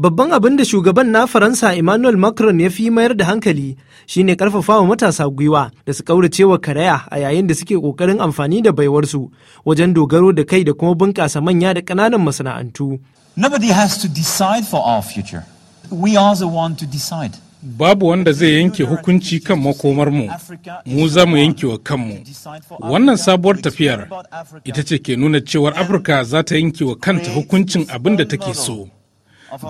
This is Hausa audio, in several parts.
Babban abin da shugaban na Faransa Emmanuel Macron ya fi mayar da hankali shine karfafawa matasa gwiwa da su wa karaya a yayin da suke kokarin amfani da baiwarsu wajen dogaro da kai da kuma bunƙasa manya da ƙananan masana'antu. Nobody has to decide for our future. to decide. Babu wanda zai yanke hukunci kan makomarmu, mu za mu yanke wa kanmu. Wannan sabuwar tafiyar ita ce ke nuna cewar Afirka za ta yanke wa kanta hukuncin abin da take so.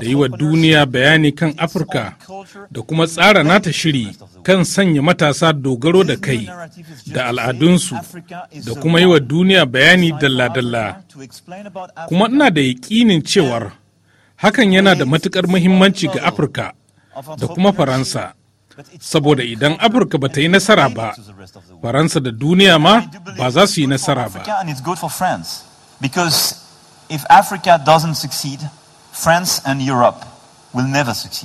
da yi wa duniya bayani kan afirka da kuma tsara nata shiri kan sanya matasa dogaro da kai da al'adunsu da kuma yi wa duniya bayani dalla-dalla kuma ina da yaƙinin cewar hakan yana da matuƙar muhimmanci ga afirka da kuma faransa saboda idan afirka ba ta yi nasara ba faransa da duniya ma ba za su yi nasara ba France and Europe will never succeed.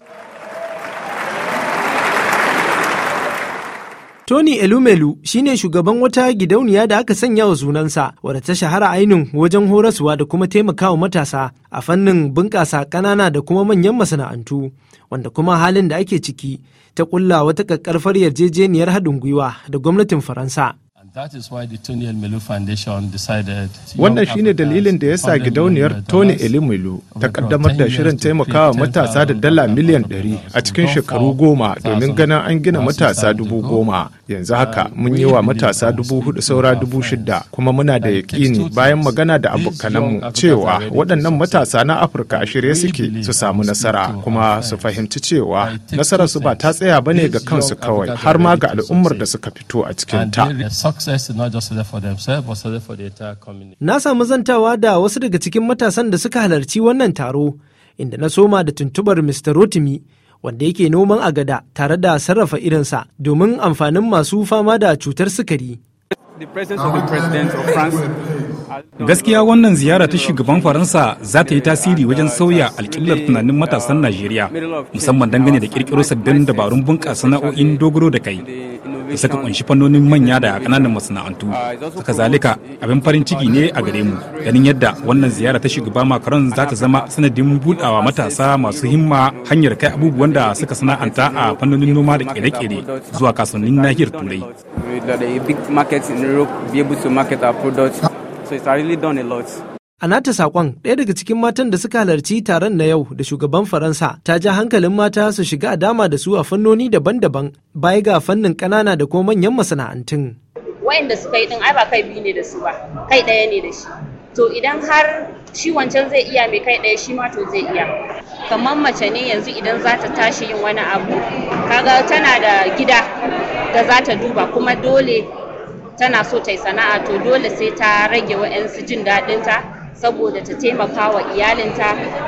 Tony Elumelu shine shugaban wata gidauniya da aka sanya wa sunansa wadda ta shahara ainihin wajen horaswa da kuma taimakawa matasa a fannin bunƙasa ƙanana da kuma manyan masana'antu wanda kuma halin da ake ciki ta ƙulla wata ƙaƙƙarfar yarjejeniyar haɗin gwiwa da gwamnatin Faransa Wannan shine dalilin da ya sa gidauniyar Tony Elimelu ta kaddamar da shirin taimakawa matasa da dala miliyan 100 a cikin shekaru goma domin ganin an gina matasa dubu goma yanzu haka ah, mun yi wa matasa dubu hudu saura dubu shida kuma muna da yaƙini bayan magana da abokananmu cewa waɗannan matasa na afirka a shirye suke su samu nasara kuma su fahimci cewa nasarar su ba ta tsaya ba ne ga kansu kawai har ma ga al'ummar da suka fito a cikin ta. Na samu zantawa da wasu daga cikin matasan da suka halarci wannan taro inda na soma da tuntubar Mr. Rotimi wanda yake noman agada tare da sarrafa irinsa domin amfanin masu fama da cutar sukari. Gaskiya wannan ziyara ta shugaban Faransa za ta yi tasiri wajen sauya alƙiblar tunanin matasan Najeriya, musamman dangane da ƙirƙiro sabbin dabarun bunƙasa sana'o'in dogaro da kai. da suka kunshi fannonin manya da kananan masana'antu saka zalika abin farin ciki ne a gare mu ganin yadda wannan ziyara ta shugaba makaron za ta zama sanadin budawa matasa masu himma hanyar kai abubuwan da suka sana'anta a fannonin noma da kere-kere zuwa kasuwannin nahiyar turai So it's really done a lot. A nata saƙon ɗaya daga cikin matan da suka halarci taron na yau da shugaban Faransa ta ja hankalin mata su shiga a dama da su a fannoni daban-daban baya ga fannin ƙanana da kuma manyan masana'antun. da suka yi ɗin ai ba kai biyu ne da su ba, kai ɗaya ne da shi. To idan har shi wancan zai iya mai kai ɗaya shi ma to zai iya. Kamar mace ne yanzu idan za ta tashi yin wani abu, kaga tana da gida da za ta duba kuma dole tana so ta yi sana'a to dole sai ta rage wa'yansu jin daɗinta saboda ta taimaka wa iyalinta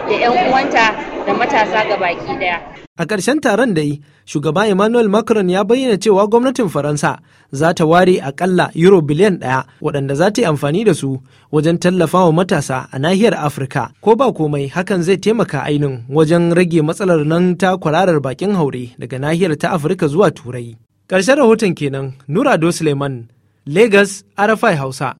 da 'yan uwanta da matasa ga baki daya. A ƙarshen taron da yi, shugaba Emmanuel Macron ya bayyana cewa gwamnatin Faransa za ta ware akalla euro biliyan ɗaya waɗanda za ta yi amfani da su wajen tallafa wa matasa a nahiyar Afirka. Ko ba komai hakan zai taimaka ainin wajen rage matsalar nan ta kwararar bakin haure daga nahiyar ta Afirka zuwa Turai. Ƙarshen rahoton kenan, Nura Do Suleiman, Lagos, Arafai Hausa.